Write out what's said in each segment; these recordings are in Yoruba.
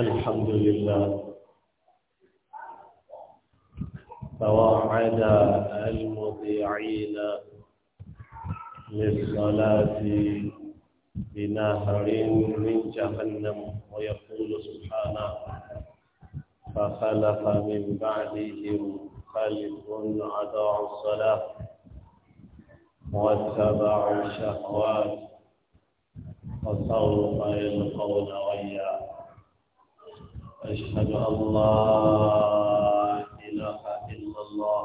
الحمد لله فوعد المطيعين للصلاة بنهر من جهنم ويقول سبحانه فخلف من بعدهم خلف أضاعوا الصلاة واتبعوا الشهوات وسوف يلقون غيا أشهد أن لا إله إلا الله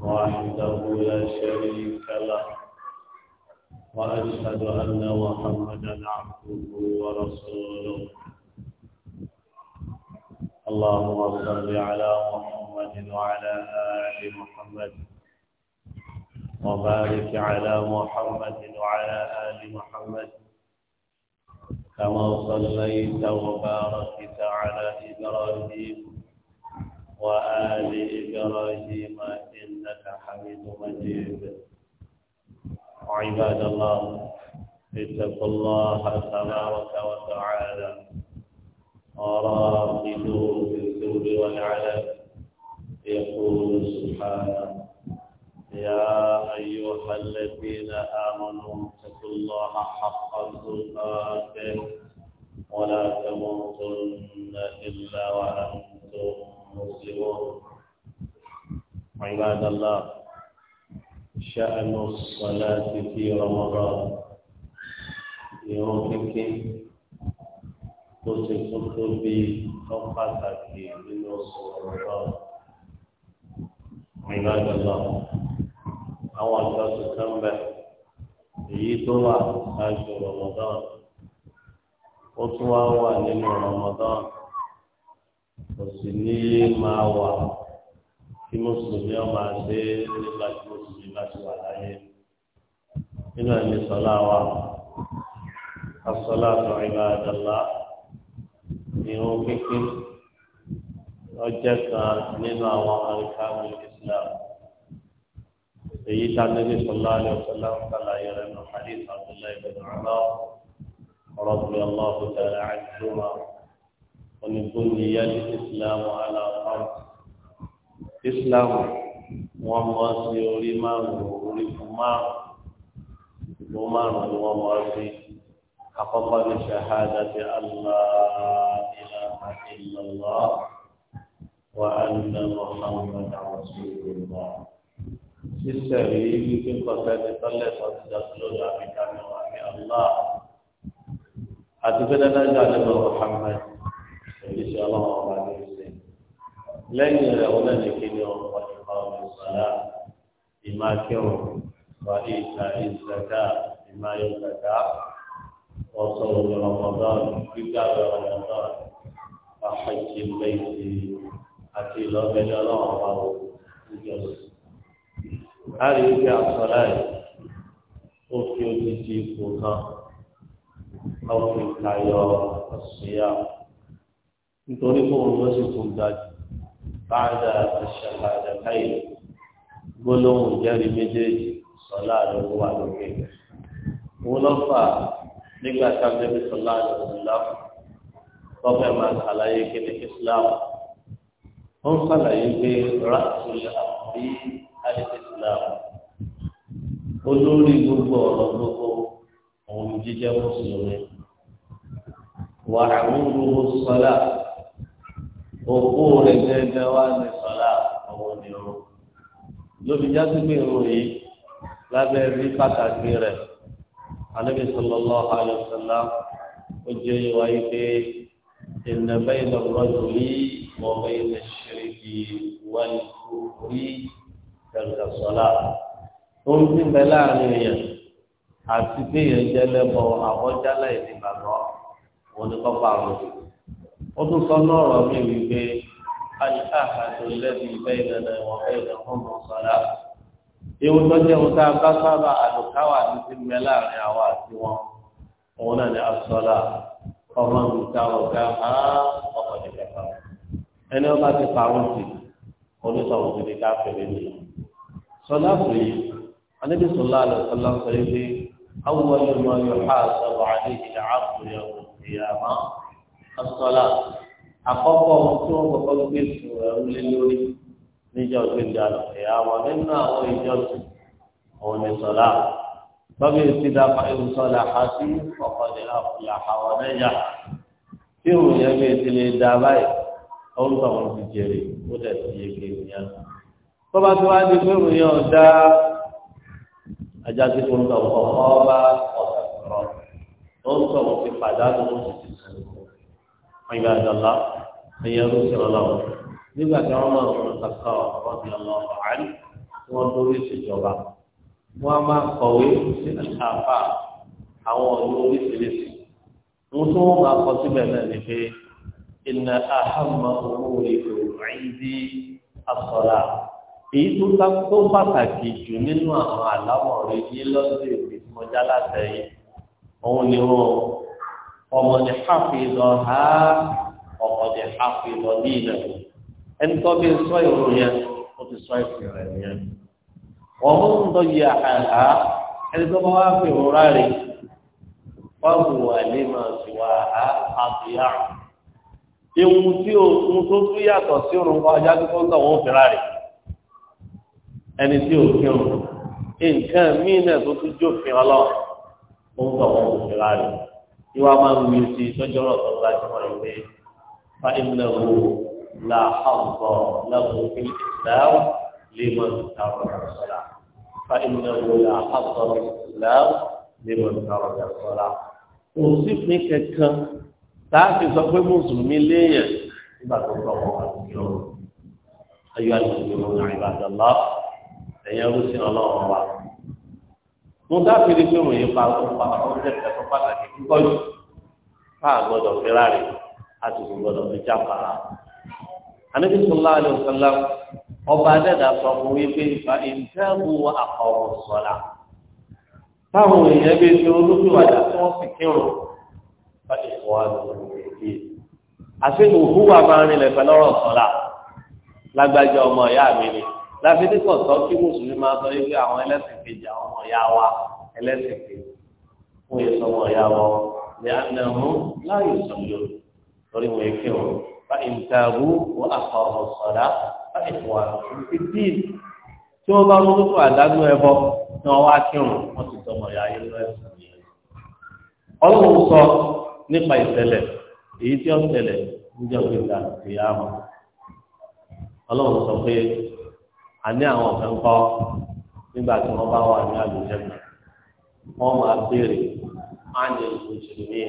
وحده لا شريك له وأشهد أن محمدا عبده ورسوله اللهم صل على محمد وعلى آل محمد وبارك على محمد وعلى آل محمد كما صليت وباركت على إبراهيم وآل إبراهيم إنك حميد مجيد عباد الله اتقوا الله تبارك وتعالى وراقبوه في الذل والعلن يقول سبحانه يا أيها الذين آمنوا الله حق تقاته ولا تموتن إلا وأنتم مسلمون عباد الله شأن الصلاة في رمضان يومك تصفت بخطتك من رمضان عباد الله أول درس كم èyí tó wà ṣáájú rọmọdán ó tún wá wà nínú rọmọdán kò sì ní máa wà kí mùsùlùmí ọmọ àṣẹ nígbà tí mùsùlùmí bá ti wà láyé nínú ẹni sọlá wa asọlá tó ìlà àdàlá ìhun pínpín ọjọ́ kan nínú àwọn àríkà mi Islam. صلى الله عليه وسلم قال ọ̀sọ́lá yẹrẹ nù عبد الله بن umar رضي الله تعالى عنهما ومن بني الاسلام على خمس اسلام ومواسي ولما ولما وما ومواسي حقق لشهادة أن لا إله إلا الله وأن محمدا رسول الله nísẹ̀rí wípé kọ̀ọ̀tẹ́ ti tọ́lẹ̀ sọ́tí dàtúlọ́ làbí kàmí wà ní allah àti pé dáadáa nígbà muhammed èyí ṣe ọlọ́run ọba ní ìsìn lẹ́yìn rẹ̀ wọ́n lẹ́nu kéde ọ̀pọ̀ ìfà ọ̀rọ̀ ìsọ̀lá ìmá kírun wà ní ìta ìzàká ìmá ìzàká ọ̀sọ̀ òjò ramadan gbígbà rẹ̀ ramadan àfẹ́jì àti ìlọ́gbẹ́jọ́ ọlọ́run ọba òjò sí a rí ibi àsọ̀rá ẹ̀ ó fi odidi ipò kan àwọn ìtayọ àṣeyà nítorí pé òun ló sì tún ga jù báńdà àṣàlà àdàkáyè gbólóhùn ìjẹ́rìí méjèèjì sọlá ló wà lókè òun ló fà nígbà tábìlì sọlá ló ń lọ lọ́fẹ̀ẹ́ máa ṣàlàyé kíni Islam ó ń ṣàlàyé pé rásùlẹ̀ àbí àdìsí islam olórí gbogbo ọ̀rọ̀ gbogbo òun jíjẹ́ mùsùlùmí wà àwọn gbogbo sọlá òkú rẹ̀ gẹ́gẹ́ wá ní sọlá ọwọ́ ni o lóbi jáde pé irun yìí lábẹ́ rí pàtàkì rẹ̀ alẹ́ sallallahu alaihi wasallam ó jẹ́ ìwà yìí ìnàbẹ́ ìlọ́gbọ́n lórí wọ́n bẹ́ẹ̀ ní ṣẹ́ríkì wọ́n kúrú yìí tẹ̀lé sọ́lá tó ń ti bẹ láàrin èèyàn àti béèyàn jẹ́ lẹ́bọ̀ àbọ̀jálá ìdí gbàgbọ́ òun ni kọ́kọ́ àrùn ó tún sọ lọ́rọ̀ mi wípé aláàbàtò lẹ́bi bẹ́ẹ̀ lẹ́nu ìwọ̀n bẹ́ẹ̀ lẹ́kùn mọ́ sọ́lá ewu tó jẹ́ ohun tá a bá sábà àlùkáwà ti ti bẹ láàrin àwa àti wọn òun náà ni asọ́lá ọmọ nǹkan ọ̀gá á ọkọ̀ nígbà kan ẹni ọba ti pa àwọn ti onítọ̀hún ti di káfíńsì nìyẹn sọlá pé anábì sọlá lọ sọlá sọ yìí pé awọ yọmọ yọha sọlá àti ìdílé àkùrẹ ìyàmá asọlá àkọ́kọ́ tí wọn kọ́kọ́ gbé sùn ẹrú lé lórí níjọ́ gbẹdẹ àlọ ìyàmá nínú àwọn ìjọsìn òun ni sọlá bábí ìsìdá fàáyé sọlá àti ọkọlẹ àkùrẹ àwọn ẹyà tí òun yẹ bí ìdílé dá báyìí ó ń tọ̀ wọn ti jèrè ó dẹ̀ ti yege nìyẹn tọ́ba tó wá di pé ìròyìn ọ̀dá ajásí fún ọ̀dọ̀ ọba ọ̀sọ̀rọ̀ tó ń sọ̀rọ̀ sí pàdánù oṣù tí wọ́n yà dọ̀lá ẹ̀yẹ rúṣin ọlọ́run nígbà tí wọ́n máa ń sọ̀rọ̀ kàkà ọ̀rọ̀dì ọlọ́run àárín tí wọ́n tó rí ìṣèjọba wọ́n á máa kọ̀wé sí àṣàfà àwọn ọ̀dọ́ oríṣiríṣi wọ́n tún wọ́n máa kọ síbẹ̀ náà ni pé ìnà àhámà òwúrò ìgbò àìdí àsọ̀rà èyí tó bá tó pàtàkì jù nínú àwọn àlámọ̀ rẹ ní lọ́dún èdè tí mo já látẹ̀yìn òun ni wọn ọmọdé hàfìlọ ha ọmọdé hàfìlọ ní ilẹ̀ ẹni tó bí sọ ìrò yẹn ó ti sọ ìfì rẹ̀ yẹn wọn mú ń dọ̀yẹ àhàhà ẹni tó bá wá fi ìrora rẹ wọn kò wà ní màá sì wà á àbíyá ewu tí o ń tó tún yàtọ̀ sí òrùn kọjá tó tó ń tọ̀ wọ́n fìlà rẹ̀ ẹni tí òfin o nǹkan míì náà tó tún jófin ọlọ́run ó ń tọ̀ wọ́n òfin láàrin tí wàá máa ń wí sí tọ́jú ọ̀rọ̀ tó bá jùmọ̀ rẹ̀ pé fa ìnáwó la àwùjọ lẹ́kọ̀ọ́ fi ìsìláwù lè mọ ìtàwọn ìrọ̀sọ́lá fa ìnáwó la àwùjọ ìsìláwù lè mọ ìtàwọn ìrọ̀sọ́lá. òsínpín kankan táàfì sọ pé mùsùlùmí léèyàn nígbà tó tọ̀ wọ́n àti yọ̀ọ́ ayọ̀ àti ìgbìmọ̀ náà ìbàdàn lọ́wọ́ ẹ̀yìn ọdún sí ọlọ́run wa. mo dábìrì pé òun yìí pa ọ̀hún ẹ̀fẹ̀ tó pàtàkì púpọ̀ jù káà gbọ́dọ̀ fi ráre a sì gbọ́dọ̀ fi jáfara. àníbi sọlá àlẹ́ òsàlá ọba adẹ́dà sọ fún wípé ìfà ìfẹ́bù àkọ́wọ̀ sọ̀la. táwọn èèyàn bí ti olúkúwàdà tí wọ́n sì kírun bá ìfọwọ́ àdúgbò àti ìhùwà máa ń rinlẹ̀ pẹ̀lú ọ̀rọ̀ sọ̀la lágbájá ọmọ ìyá mi ni láfíìdí pọ̀ sọ kí mùsùlùmí máa sọ yìí pé àwọn ẹlẹ́sìn kejì àwọn ọmọ ìyá wa ẹlẹ́sìn kejì wọ́n yẹ sọmọ ìyá wọn ní anáhùn láàyè sọ̀yọ́ lórí wọn èké wọn bá ìtàgù wọ́n àkọ́rọ̀ sọ̀dá bá ìfọ̀wà ti dì tí wọ́n bá lóko fún àdánù ẹbọ tí wọ́n wá kírun wọ́n ti sọmọ ìyá yẹn lọ́sìn yẹn. ọlọ́run sọ nípa ìṣẹ̀lẹ̀ èyí tí ó ṣẹlẹ̀ níjọ́ gbẹ̀gbẹ̀ àti ìyá wọn ọlọ́run sọ pé àní àwọn ọ̀fẹ́ ń kọ́ nígbà tí wọ́n bá wà ní àlùjẹ́mọ̀ wọ́n máa béèrè ánì mùsùlùmí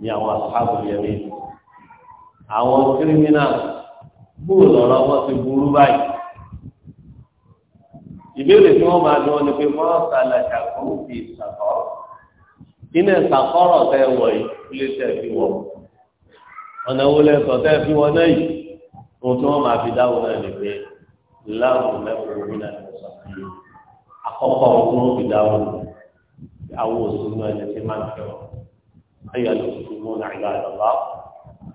ní àwọn àṣàbù yẹmí àwọn kírímínà bóò lọ́rọ́ wọ́n ti burú báyìí ìbéèrè tí wọ́n máa dún ni pé wọ́n sàlẹ̀ kàkúrú fi ìsàkọ́rọ̀ iná ìsàkọ́rọ̀ tẹ́ wọ̀ yìí lè tẹ̀ fi wọ̀ ọ̀nà wo lẹ́sọ̀ tẹ́ fi wọ́n náà yìí ohun tí wọ́n máa fi dáwọ́ náà ni láwọn mẹ́wàá ní àtúnṣe àkọ́kọ́ ọdún ìdáhùn àwọn òṣùnú ẹni tí máa ń fẹ́ wọn ayé àlùkò mú náà ìlà ìlọ́lá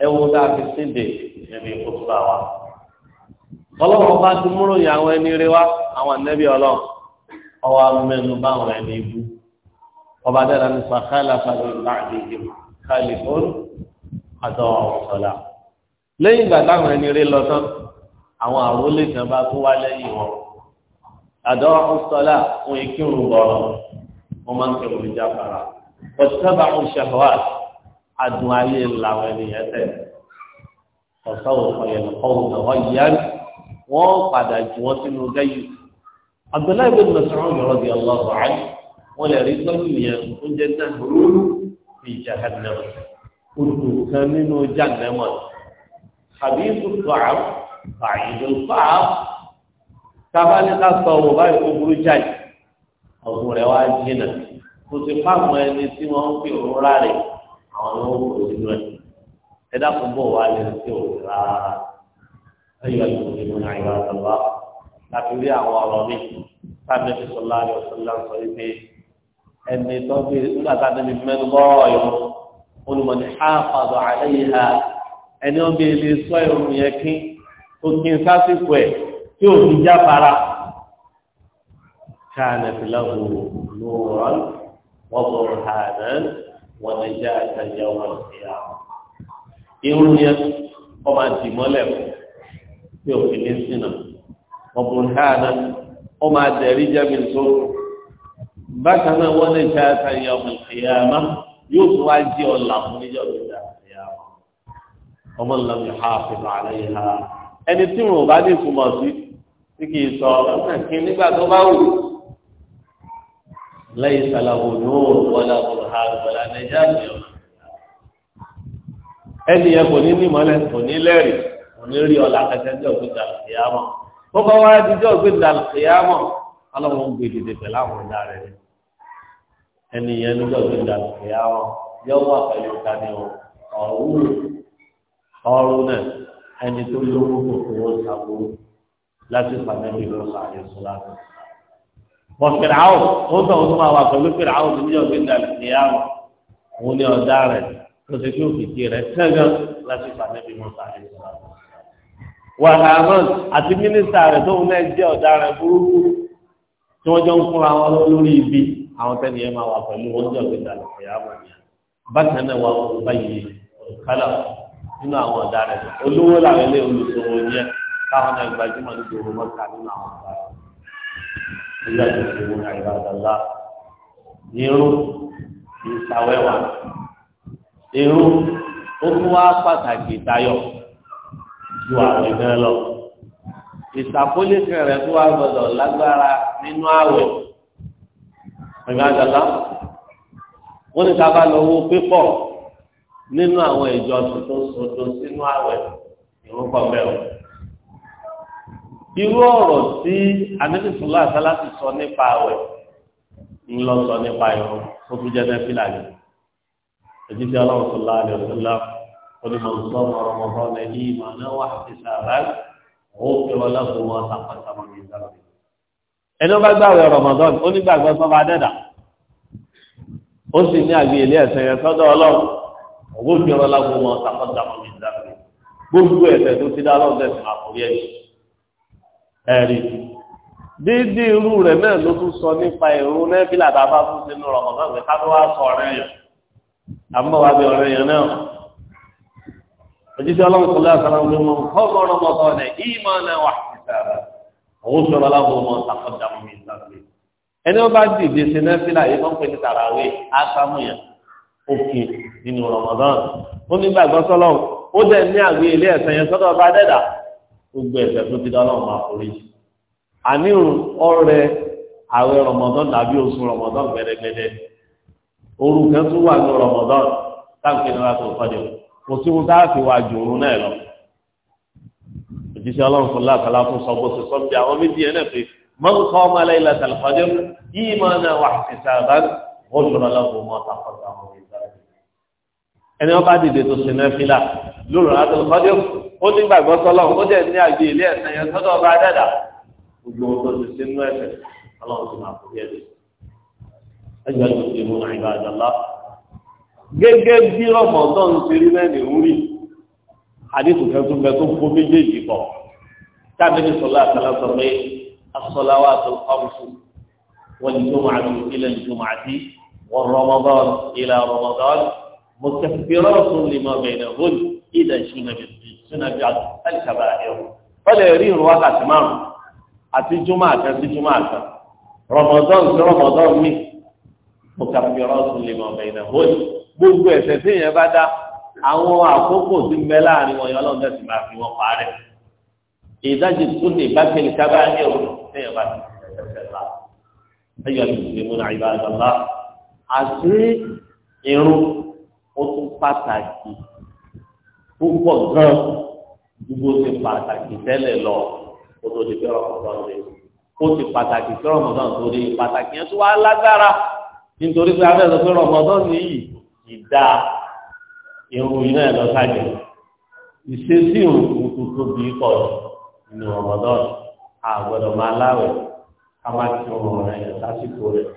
ẹ wo dáa fi síde ẹni kó tó bá wa. ọlọ́run bá ti múrò yà àwọn ẹni rí wa àwọn ànẹ́bí ọlọ́run ọwọ́ amẹ́nu báwọn ẹni ibú ọba dára ní sàkálà fàdé láàdì ìdìbò káàlì fún àtọ̀ ọ̀sọ̀lá lẹ́yìn ìgbà táwọn ẹni rí lọ tán àwọn àrólé kan bá tó wá lẹ́yìn wọn àdọ́ ọ̀sọ́lá fún ìkírun bọ̀rọ̀ wọ́n máa ń kírun ìjàpára ọ̀sọ́bà ń ṣàwà adùn ayé làwọn ènìyàn tẹ̀ ọ̀sọ́wò ọ̀yẹ̀lẹ̀ ọ̀hún náà wọ́n yá wọ́n padà jù wọ́n sínú gẹ́yìn Abdullahi bin Mas'ud radiyallahu anhu wọ́n lè rí tọ́jú yẹn oúnjẹ náà rúrú fi jahannam odò kan nínú jahannam àbí ìfúnfọ́ àwọn àyíjọ fáà tábà ní ká sọ wò báyìí kó burú jáì ọ̀gbìn rẹ̀ wá jìnà kò sí fáwọn ẹni tí wọ́n ń fi òun rárẹ̀ àwọn ni wọ́n kò sínú ẹ̀ ẹ dákun bọ̀ wá lè sí òun rárá ẹ̀yọ́ ìgbìmọ̀ nínú àyọ̀ àtàlá láti rí àwọn ọ̀rọ̀ mi sábẹ́ fi sọlá rẹ̀ sọlá sọ wípé ẹni tó fi nígbà tá a níbi mẹ́nu bọ́ ọ̀yọ́ olùmọ̀ni háàpàdọ̀ àlẹ́ yìí ha ẹni ó bí ilé sọ ìrùn yẹn kín tó kí n sásìkò ẹ̀ tí ò fi já para káàna fìlàwò lóòrán wọ́n bọ̀ hànà wọ́n lè já àtàjà wọn sí àwọn. irun yẹn wọ́n máa dì mọ́lẹ̀ tí ò fi ní sínà wọ́n hànà wọ́n máa jẹ́mi tó. bákan náà wọ́n lè já àtàjà wọn sí àwọn yóò tún wá jẹ́ ọ̀la fún níjọ́ ìgbà sí àwọn. ọmọ nlọmọ ìhà àfihàn àlẹ́ yìí ha ẹni tí wọn ò bá lè túmọ̀ sí tí kì í sọ ọ̀nà kí nígbà tó bá wù lẹ́yìn sàlàwò ní òun wọlé àbúrò àgbọ̀lá nàìjíríà mìíràn ẹni yẹn kò ní nímọ̀lẹ́ kò ní lẹ́rìí kò ní rí ọ̀la kẹsẹ́jọ́ ògbéjà ìyámọ̀ tó bá wá díjọ́ ògbéjà ìyámọ̀ ọlọ́run gbé dìde pẹ̀lú àwọn ọ̀dà rẹ̀ ẹni yẹn níjọ́ ògbéjà ìyámọ̀ yọ ẹni tó lówó kò fowó sàbòrò láti pàtàkì lọ sàárẹ sọlá tó. wọ́n fèrè àwọn ó sọ òun máa wà pẹ̀lú fèrè àwọn tó ní ọ̀gbìn dàbí ìyáàmù òun ní ọ̀dá rẹ̀ tó ti kí òkìkí rẹ̀ kẹ́gàn láti pàtàkì lọ sàárẹ sọlá tó. wàhálà àti mínísítà rẹ̀ tó ń lẹ́ jẹ́ ọ̀daràn burúkú tí wọ́n jọ ń fúnra wọn lórí ibi àwọn tẹ́ni ẹ máa wà pẹ̀lú wọn jọ gbé dàlù ìyáàmù yẹn nínú àwọn ọ̀daràn olówó làwọn ilé olùsòwò yẹ káwọn náà gbajúmọ̀ níbi òwò mọ́ta nínú àwọn ọ̀daràn nígbà tó ti wọ́n àìbàdàlá irú ìsàwẹ́wà irú ó tún wá pàtàkì tayọ ju àwọn ìgbẹ́ lọ ìsàkólésìn rẹ̀ tó wá gbọdọ̀ lágbára nínú àwẹ̀ àìbàdàlá wọ́n ní ká bá lọ owó pípọ̀ nínú àwọn ìjọ tuntun tuntun sínú àwẹ̀ ìrúkọ bẹ́ẹ̀ o. irú ọ̀rọ̀ tí anábìsúlá àtàlá ti sọ nípa àwẹ̀ ń lọ sọ nípa ìrún tó fi jẹ́ nẹ́fìlà ni. èyí tí ọlọ́run tó lá àlẹ́ òṣèlú onímọ̀ọ́sọ́ ọ̀rọ̀mọ̀ọ́ lẹ́ ní ìmọ̀ náà wà sí sàrà ó fi wọn lọ́kùnrin wọn sàpàtàmọ́ ní ìdáná. ẹni wọn bá gbàwé Ramadan ó nígbàgbọ́ sọ́ba adẹ́dà ó sì ní àgbéyẹ̀lé ẹ̀sẹ̀ yẹn sọ́dọ̀ ọlọ́run owó jọrọ lágbo wọn sáfọ dàmọ mi dàgbé gbogbo ẹ̀ṣẹ̀ tó ti dá lọ́dẹ sí àkórí ẹ̀yìn ẹ̀rí dídí irú rẹ̀ náà ló tún sọ nípa ìrú nẹ́fìlà tá a bá tún sínú rọ̀ ọ̀gá pé ká tó wá sọ ọ̀rẹ́ yẹn àmọ́ wá bí ọ̀rẹ́ yẹn náà òjíṣẹ́ ọlọ́run sọlá sọlá ń lọ́mọ kọ́kọ́ ọlọ́mọkọ rẹ̀ ìmọ̀ náà wà sísára owó sọ̀rọ̀ lágbo wọn sáfọ dàmọ mi dàgbé ẹni wọn bá dìde sí nẹ́fìlà òkè nínú Ramadan ó ní gbàgbọ́ sọ́lọ́run ó dẹ̀ ní àgbé ilé ẹ̀sẹ̀ yẹn sọ́dọ̀ bá dẹ́dà gbogbo ẹ̀sẹ̀ tó ti dọ́lọ́run máa forí jì àníhùn ọrẹ àwẹ̀ Ramadan dàbí oṣù Ramadan gbẹdẹgbẹdẹ òru kan tún wà ní Ramadan táǹkì náà láti òkọdẹ kò sí wọn káàkiri wà ju òru náà lọ òjíṣẹ́ ọlọ́run fún lákàlá fún sọ́gbó sí sọ́mbí àwọn méjì yẹn náà pé man qama laylatal qadr imanan wa ihtisaban ghufira lahu ma taqaddama ẹni wọn bá dìde tó sinú ẹfílà lóru àti ọdẹ ó ní gbàgbọ́ sọlọ ó dẹ̀ ní àgbè ilé ẹ̀sán yẹn sọ́dọ̀ ọba dẹ́dà gbogbo ohun tó ti sinú ẹ̀sẹ̀ ọlọ́run ti máa fòye lé ẹgbẹ́ tó ti mú àyíká àjàlá. gẹ́gẹ́ bí rọ̀mọ̀dọ́n ti rí lẹ́nu ìwúrí àdìsù kẹtù bẹ tó fún méjèèjì pọ̀ tábìlì sọlá àtàlà sọ pé asọ́láwà tó kọ́mùsù wọ́n ti tó máa tó ilẹ̀ ìjọba àti wọ́n rọmọdọ́n ilẹ̀ rọmọdọ́n مستكبرات لما بينهن إذا سنجت الكبائر فلا يرين وقت مام àti juma àti àti juma àti rọmọdọ́n sí rọmọdọ́n mi mo kà fi rọ́ọ̀sì lè mọ̀ bẹ́ẹ̀ náà wọ́n gbogbo ẹ̀ṣẹ̀ tí èèyàn bá dá àwọn àkókò tí ń bẹ láàrin wọn yọ ọlọ́run tẹ̀sí máa fi wọn parẹ́ ìdájì tó lè bá kẹ́lí kábà ní ọ̀rọ̀ tí èèyàn bá ti ṣẹ̀ṣẹ̀ la ẹ̀yọ́ ti ṣe mú náà ìbáraẹ̀dọ́lá àti irun ó tún pàtàkì púpọ̀ gan gbogbo ti pàtàkì tẹ́lẹ̀ lọ kó tó di fẹ́ràn ọ̀dọ́ rẹ̀ ó ti pàtàkì fẹ́ràn ọ̀dọ́ torí pàtàkì yẹn tó wá lágbára nítorí pé abẹ́rẹ́ fẹ́ràn ọ̀dọ́ nìyí ìdá irun iná ẹ̀ lọ́sàjẹ́ ìṣesí òkú tó tóbi kọ̀ nínú ọ̀dọ́ àgbọ̀dọ̀ máa láwẹ̀ ká má ti ọmọ rẹ̀ lásìkò rẹ̀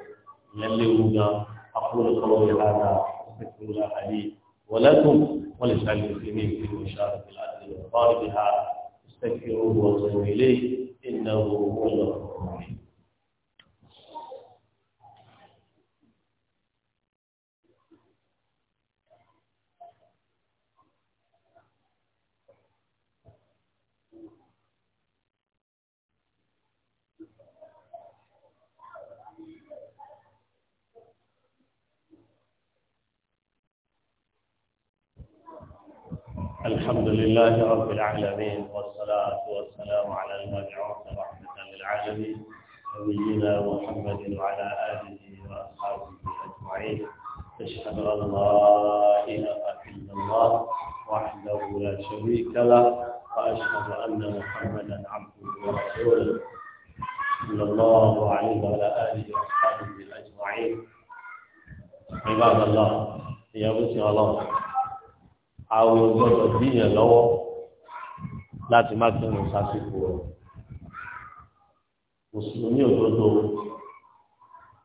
ìyẹn léwu gan àkúrò kọ́ تكون لي ولكم ولسعى المسلمين في المشاركة العدل بها استغفروه واتوبوا إليه إنه هو الغفور الحمد لله رب العالمين والصلاة والسلام على المبعوث رحمة للعالمين نبينا محمد وعلى آله وأصحابه أجمعين أشهد أن لا إله إلا الله وحده لا شريك له وأشهد أن محمدا عبده ورسوله صلى الله عليه وعلى آله وأصحابه أجمعين عباد الله يا بسم الله àwọn gbọ́dọ̀ díyàn lọ́wọ́ láti má kírun sásìkò rẹ̀ mùsùlùmí òdodo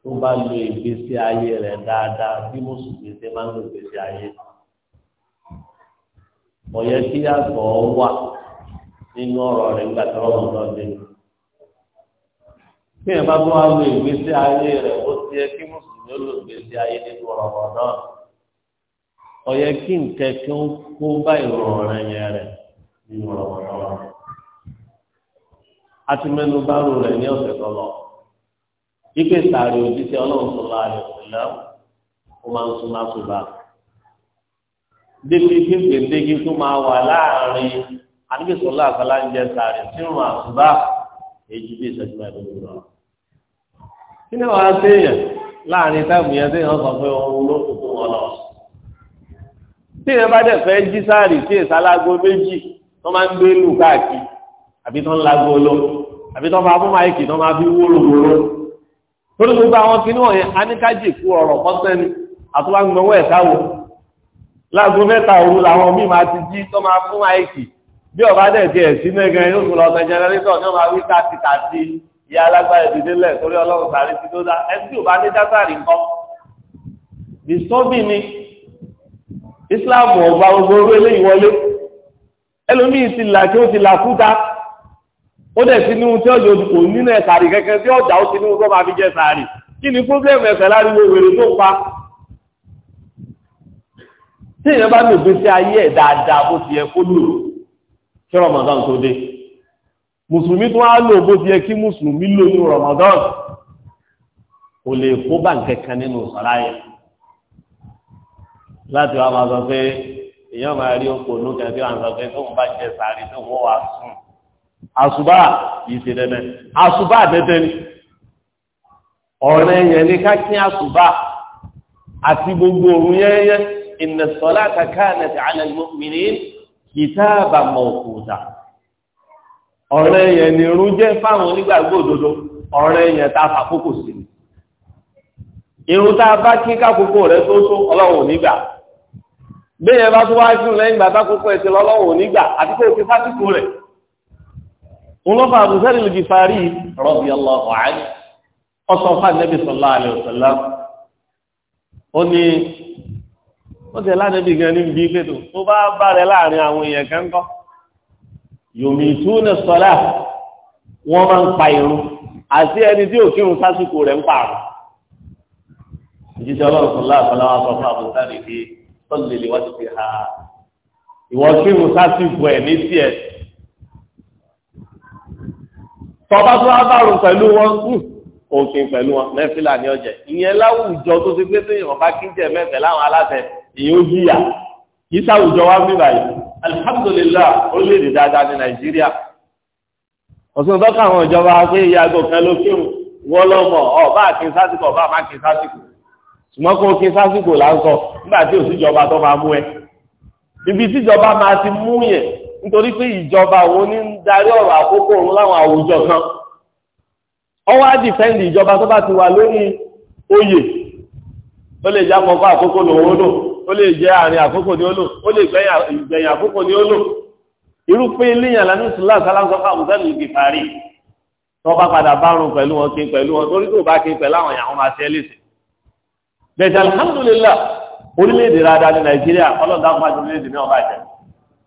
tó bá lo ìgbésí ayé rẹ̀ dáadáa bí mùsùlùmí ṣe máa ń lo ìgbésí ayé ọ̀yẹ́ kí àgbọ̀ wà nínú ọ̀rọ̀ rẹ̀ nígbà tí wọ́n lọ dé bí ẹ̀ bá tó wá lo ìgbésí ayé rẹ̀ ó ti yẹ kí mùsùlùmí ó lo ìgbésí ayé nínú ọ̀yẹ́ kí nǹkan kí ó kó bá ìrọ̀rùn ọ̀rẹ́ yẹn rẹ̀ nínú ọ̀rọ̀ a ti mẹ́nu bá rò rẹ̀ ní ọ̀sẹ̀ tó lọ ipe sàárè òjíṣẹ́ ọlọ́run tó lọ àrẹ òṣèlú ó máa ń sún lásùbà débi pé gbèdéke tó máa wà láàrin àdébísọ̀lá àfàlà ń jẹ sàárè sírun àsùbà èyí bí ìṣẹ́jú mẹ́ẹ̀ẹ́dógún lọ. kí ni wàá séèyàn láàrin táàmù yẹn séèyàn sọ pé òun ló kù fún wọn lọ tí ìyẹn bá dẹ̀ fẹ́ jí sáàrì tí èsà lágbo méjì tó máa ń gbé lù káàkiri àbí tó ń lágbo lọ àbí tó máa fún máìkì tó máa fi wóró wóró torí gbogbo àwọn kinní wọ̀nyẹn aníkájì kú ọ̀rọ̀ mọ́sẹ́ni àtúwágbọ̀wọ́ ẹ̀ka wo lágbo mẹ́ta òru làwọn míì máa ti jí tó máa fún máìkì bí ọba dẹ̀ tiẹ̀ sí mẹ́gan yóò tún lọ ọ̀tẹ̀ jẹnẹrétọ̀ ní ọba wí tàti tàti ìyá alágbára ìdílé lẹ̀ torí ọlọ́run sàrí ti tó dá ẹni islam ọba gbogbo orí eléyìí wọlé ẹlòmíì ti là kí ó ti là fúta ó dẹ̀ sí ní ohun tí ọjọ́ òdìpọ̀ nínú ẹ̀sàrì kẹ́kẹ́ tí ọjà ó ti ní ohun tó máa fi jẹ sàárì kí ni pírọ́blẹ̀mù ẹ̀sẹ̀ láriwo wèrè tó pa tí èèyàn bá lò gbé sí ayé ẹ̀ dáadáa bó ti yẹ kó lò kí Ramadan tó dé mùsùlùmí tó wá lò bó ti yẹ kí mùsùlùmí lò ní Ramadan kò lè kó bá nǹkan kan nínú sàráyẹ̀ láti wá máa sọ pé èèyàn máa rí oko ònú kẹfí wọn sọ pé tóun bá jẹ sàárì tóun ó wà sùn àṣùbà yìí ṣe dandan àṣùbà tẹ́tẹ́ ni ọ̀rẹ́ yẹn ní ká kí àṣùbà àti gbogbo òun yẹ́yẹ́ inna salata kanat ala al-mu'minin kitaban mawquta ọ̀rẹ́ yẹn ní irú jẹ́ fáwọn onígbàgbọ́ òdodo ọ̀rẹ́ yẹn tá fàkókò sí irun tá a bá kí kákòókò rẹ tó tó ọlọ́run ò ní gbà bẹ́ẹ̀ yẹn bá tó wá sí lẹ́yìn ìgbà tákòókò ẹ̀ ti lọ ọlọ́run ò ní gbà àti kó o ti fásitì rẹ̀ ń lọ́fà àbùsẹ́rì lùdì fárí rọ́bì ọlọ́run àánì ọ̀sán fún àdébì sọ̀lá àlẹ́ òṣèlá ó ní ó tẹ̀ ládẹ́bì gan ní bí pé tó bá bá rẹ láàrin àwọn èèyàn kan kọ́ yòmí tú sọ́lá wọ́n máa ń pa irun àti ẹni tí òkírun òjíṣẹ́ ọlọ́run fúnlá àfọlá wa sọ fún àbùsá rè pé tọ́lù lè wá ti fi ha ìwọ kírun sásìkò ẹ̀ ní tiẹ̀. tọ́ba tó wá bàrùn pẹ̀lú wọn hmm, òfin pẹ̀lú wọn mẹ́fìlà ní ọjà ìyẹn láwùjọ tó ti gbé sí ìrànbá kíjẹ mẹ́fẹ̀ láwọn aláṣẹ ìyẹn ó yíyà kì sáwùjọ wá bí báyìí alihamudulilayi orílẹ̀-èdè dáadáa ní nàìjíríà ọ̀sán tọ́ka àwọn ìjọba pé ìyàgò ṣùgbọ́n kó o kí sásìkò láńkọ nígbà tí ò síjọba tó máa mú ẹ ibi tíjọba máa ti mú yẹn nítorí pé ìjọba òun ní ń darí ọ̀rọ̀ àkókò òun láwọn àwùjọ kan ọwọ́ á dìfẹ́ǹdì ìjọba tó bá ti wà lórí oyè ó lè jẹ́ àkọ́kọ́ àkókò lòun ó lò ó lè jẹ́ àárín àkókò ni ó lò ó lè gbẹ̀yìn àkókò ni ó lò irúfẹ́ iléyàn lánàá ìṣúlá sálánsọ́ fáwọn sẹ́nu ìgbì parí tó bá padà bárun pẹ̀lú wọn kí pẹ̀lú wọn torí tó bá kí pẹ̀lú àwọn èèyàn wọn máa ṣe é lèṣe bẹ̀sẹ̀ alhamdulillah orílẹ̀-èdè rada ní nàìjíríà ọlọ́dà fún àti orílẹ̀-èdè náà bá jẹ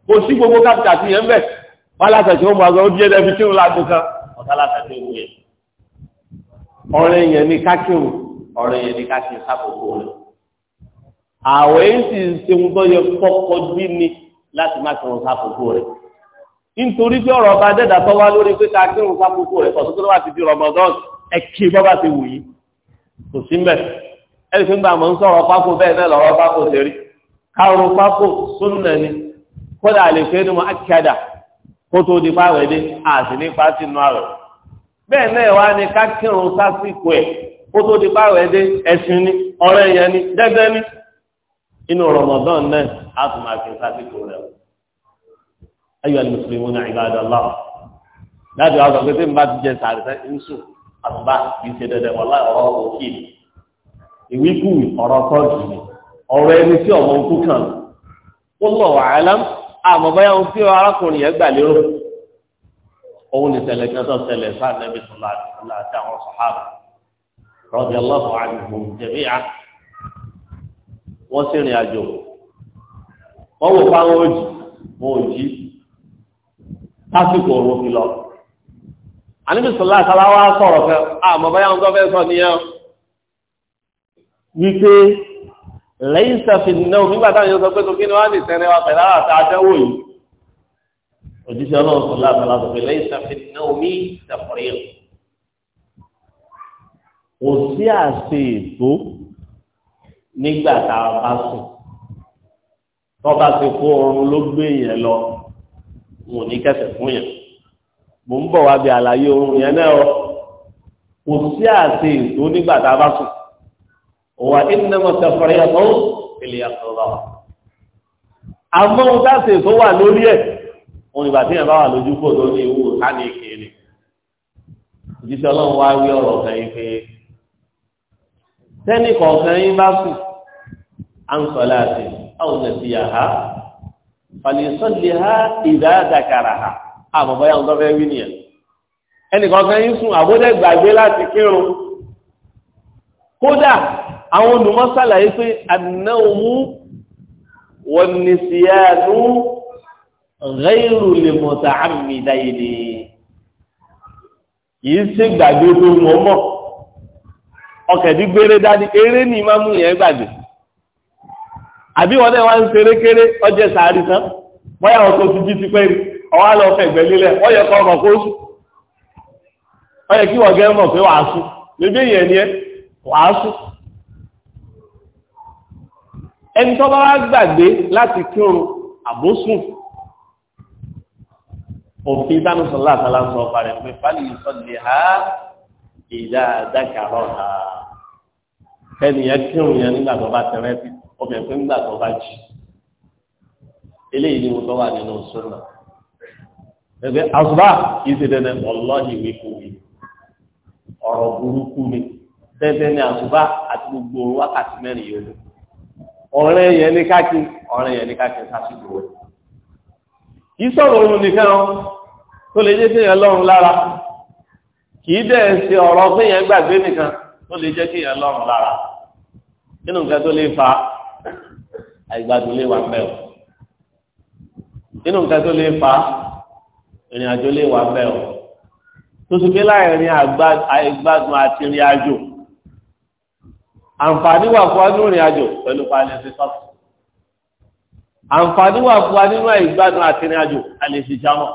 kò sí gbogbo kápítà sí yẹn bẹ̀ wọn aláṣẹṣẹ ó mọ àgbà ó di ẹdẹ fi kí wọn lágbo kan ọ̀tá aláṣẹṣẹ ó yẹ ọ̀rẹ́ yẹn ní kákìrù ọ̀rẹ́ yẹn ní kákìrù sákòókò rẹ àwọ̀ èyí sì ń ṣe ń gbọ́yẹ kọ́kọ́ bí ni láti má kírun sákòókò rẹ nítorí pé ọ̀rọ̀ ọba dẹ́dà tó wá lórí pé ká kírun sákòókò rẹ kọ̀ọ̀tún tó wá ti di rọmọdọ́ọ̀sì ẹ̀kí bọ́ ti wù kò sí mbẹ́. ẹni fi ń gbà mọ̀ ń sọ̀rọ̀ pákó bẹ́ẹ̀ náà lọ́rọ̀ pákó ṣe rí káwọn pákó súnnà ni kódà lè fẹ́ ní wọn kó tó di fáwẹ̀ dé àti bẹ́ẹ̀ náà wá ní sásìkò ẹ̀ kó tó di ẹ̀sìn ni ọ̀rọ̀ ẹ̀yàn ni dẹ́gbẹ́ ni inú náà á tún máa fi sásìkò rẹ̀ ayọ̀ n ìwíkú ọ̀rọ̀ tọ́jú ni ọ̀rọ̀ ẹni tí ọmọ nkú kan ó lọ wà àmọ́ báyà ń fi arákùnrin yẹn gbà lérò òun ní ṣẹlẹ̀ kí wọ́n tó ṣẹlẹ̀ sáà nẹ́bí sọlá àti àwọn sọ̀hábà rọ́bì ọlọ́fọ̀ àdìgbò jẹ̀míà wọ́n sì rìn àjò wọ́n wò fáwọn òjì wọn ò jí lásìkò fi lọ. àníbi sọlá àtàláwá sọ̀rọ̀ fẹ́ àmọ́ báyà ń tọ́ fẹ́ sọ wípé lẹ́yìn sẹ́fìn náà nígbà táwọn yóò sọ pé tókí ni wọ́n á lè tẹ́rẹ́ wa pẹ̀lú àwọn àti àdánwò yìí òjíṣẹ́ ọlọ́run sọ láti láti pé lẹ́yìn sẹ́fìn náà ní ìtẹ̀fọ̀rẹ́ yìí kò sí àṣe ètò nígbà tá a bá sùn tọ́ka ti kó oorun ló gbé yẹn lọ wọn ò ní kẹsẹ̀ fún yẹn mò ń bọ̀ wá bí àlàyé oorun yẹn náà kò sí àṣe ètò nígbà tá bá sùn wà ìnáwó sẹfọrẹ ẹkọ ìlẹ ẹkọ lọ́wọ́ àmọ́ ohun táṣe tó wà lórí ẹ òun ìgbà tí yẹn bá wà lójú kò tó ní ìwú hánì kiri òjíṣẹ́ Ọlọ́run wá wí ọ̀rọ̀ kan yìí pé sẹ́ni kọ̀ọ̀kan yín bá kù à ń sọ láti àwọn ẹ̀sìn yàrá fàlẹ́sọ́lì ha ìdáàdàkàrà ha àmọ́ bọ́yá ń tọ́fẹ́ wí nìyẹn ẹnì kọ̀ọ̀kan yín sùn àbódẹ́ gbàgbé láti kírun kódà àwọn olùmọ̀ ṣàlàyé pé anáwó wọn ní síyáàánú ghayru lè mọ̀tà àmì dáyìlì yìí ṣe gbàgbé tó mọ̀ mọ̀ ọkẹ̀dí gbére dání eré ní máa yẹn gbàgbé àbí wọn náà wá ń ṣeré kéré ọjẹ sàárì tán bóyá wọn tó ti jí ti ẹni tó bá wá gbàgbé láti kírun àbósùn òfin dánú sọlá àtàlà ń sọ ọba rẹ pé fálì ìsọlẹ ha ìdá dákàrọ ha ẹnìyẹn kírun yẹn nígbà tó bá tẹrẹ sí ọbẹ pé nígbà tó bá jì eléyìí ni mo tọ́ wà nínú sọ́nà ẹgbẹ́ àṣùbà kìí ṣe dandan ọlọ́ọ̀hìn wíkú ọ̀rọ̀ burúkú mi dandan ni àṣùbà àti gbogbo wákàtí mẹ́rin yòókù ọ̀rẹ́ yẹn ní káàkiri ọ̀rẹ́ yẹn ní káàkiri sásìkò rẹ̀. kìí sọ̀rọ̀ oorun nìkan ọ́ tó lè jẹ́ kéèyàn lọ́rùn lára kìí dẹ̀ ṣe ọ̀rọ̀ kéèyàn gbàgbé nìkan tó lè jẹ́ kéèyàn lọ́rùn lára nínú nǹkan tó lè fa àìgbàdùn lè wà pẹ́ o nínú nǹkan tó lè fa ìrìn àjò lè wà pẹ́ o tó sì pé láàrin àìgbàdùn àti ìrìn àjò àǹfààní wà fún wa nínú ìrìn àjò pẹ̀lú palẹ̀ sí sọ́ọ̀tù àǹfààní wà fún wa nínú ìgbádùn àti ìrìn àjò alẹ́ sí jámọ̀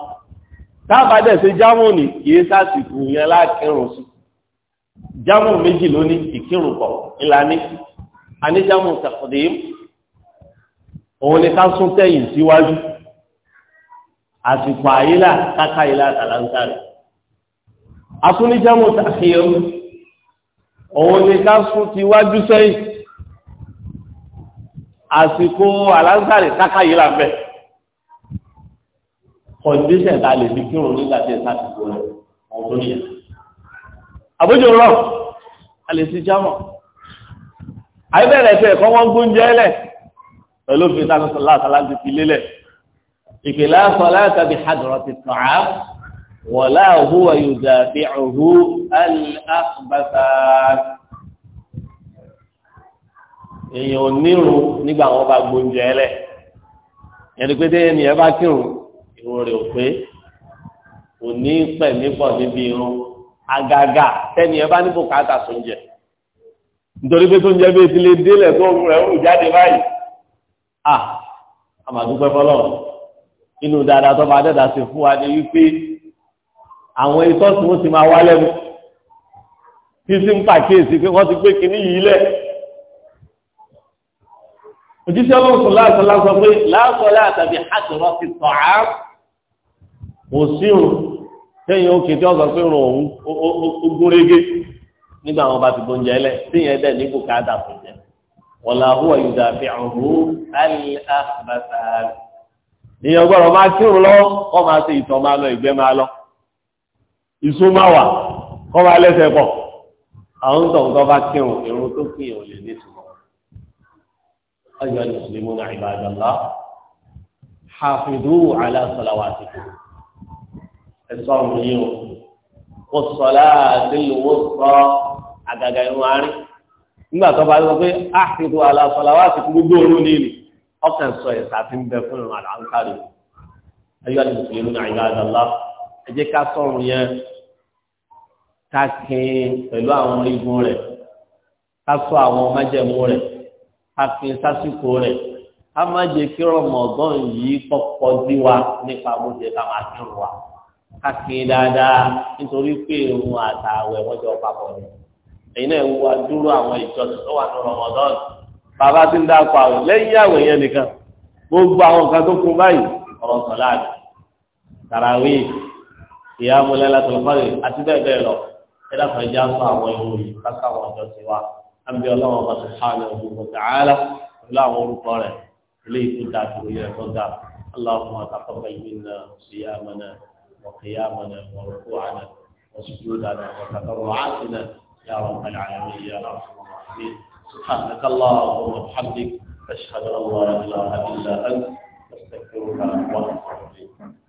tábàdẹ̀ sí jámọ̀ ní kìí sásìkò yẹn láàkírun sí jámọ̀ méjì lóní ìkírun pọ̀ ìlànà aníjámọ̀ taqdim òun ni ká sún tẹ̀yìn síwájú àsìkò àyílà káká ìlà àtàlántà rẹ̀ atúnijámọ̀ ta'khir òun ni ká sún ti wájú sẹ́yìn àsìkò alásàrè kákàyè là ń bẹ̀ kọ̀ǹdíṣẹ̀ ta lè fi kírun nígbà tí ẹ sàkóso rẹ̀ ọ̀hún yẹn. àbójú rọ̀ a lè ti jámọ̀ àyẹ̀bẹ̀rẹ̀ tẹ̀ kọ́ wọ́n gbóúnjẹ lẹ̀ pẹ̀lú òfin tánú sọ̀lá àtàlá ti fi lélẹ̀ ìpìlẹ̀ sọ̀lá àtàbí hadrọ̀ ti tàn án wọ̀lá òhúwà yòdà bí òhú aláàbàtà èèyàn onírun nígbà wọn bá gbóúnjẹ ẹlẹ ẹni pé tẹ́yẹ ni ẹ bá kírun irun rẹ̀ ò pé òní pẹ̀ nípọ̀ níbi irun agaga tẹ́ni ẹ bá ní bùkátà sóúnjẹ nítorí pé tó ń jẹ́ bí etí lè délẹ̀ tó ń rẹ̀ ń jáde báyìí à àmàdúpẹ́ fọlọ́ inú dáadáa tó máa dẹ́ta sí fún wa ní wípé àwọn ikọ́ tí wọ́n ti máa wá lẹ́nu tí sí ń pàkíyèsí pé wọ́n ti gbé kínní yìí lẹ̀. òjíṣẹ́ ọlọ́sùn láàṣọ láṣọ pé láàṣọ láàtàbí àtọ̀rọ̀ ti tọ̀ á kò sírun sẹ́yìn òkè tí wọ́n sọ pé rùn òun ogún régé nígbà wọn bá ti bó ń jẹ lẹ síyẹn dẹ̀ ní bùkátà fún jẹ wọ́n làwọn ìdá fi hàn hó alẹ́ àbáṣá. ìyẹn gbọ́dọ̀ máa kírun lọ́wọ́ kọ́ máa ṣe ìtọ̀ máa lọ ìgbẹ́ máa lọ ìsúnmáwà kọ́ bá lẹ́sẹ̀ pọ̀ àwọn tó ń tọ́ba kírun irun tó kí ìrun lè ní ìtumọ̀ ọjọ́ ìmùsùlùmí náà ibadallah hafidu ala salawatikum ẹ̀sọ́ ọ̀run yìí o kò sọ̀lá àdéhùn ó sọ àgàgà irun arín nígbà tó bá lọ pé hafidu ala salawatikum gbogbo òun ní ọkàn sọ ẹ̀sà tí ń bẹ fún ìrun àlàáńkárì ẹ̀yọ́ ìmùsùlùmí náà ibadallah ẹ jẹ́ ká sọ̀rùn yẹn ká kín pẹ̀lú àwọn igun rẹ̀ ká sọ àwọn májẹ̀mú rẹ̀ ká kín sásìkò rẹ̀ ká má jẹ́ kí rọmọdán yìí kọ́kọ́ dí wa nípa bó ṣe ká máa kírun wa ká kín dáadáa nítorí pé irun àtàwẹ̀ wọ́n jọ papọ̀ ni ẹ̀yin náà wá dúró àwọn ìjọsìn tó wà ní rọmọdán bàbá ti ń dáko àwọn lẹ́yìn àwẹ̀ yẹn nìkan gbogbo àwọn nǹkan tó kún báyìí ọ̀rọ̀ sọ̀láàdì tàràwíì ìyá amúlẹ̀ láti lọ́kọ́ rẹ̀ àti bẹ́ẹ̀ bẹ́ẹ̀ lọ ẹ dáfà ìjà sọ àwọn ìwò yìí káká àwọn ọjọ́ ti wá àbí ọlọ́wọ́n bá ti ha ní ọdún kò tààlà pẹ̀lú àwọn orúkọ rẹ̀ ilé ìtú da àtúrò yẹ kó ga aláwọ̀ àtàkọ́kọ́ yìí na ṣìyàmọ́nà wọ̀kìyàmọ́nà wọ̀rọ̀kúwàna يا رب العالمين يا رب العالمين سبحانك اللهم وبحمدك أشهد أن لا إله إلا أنت أستغفرك وأتوب إليك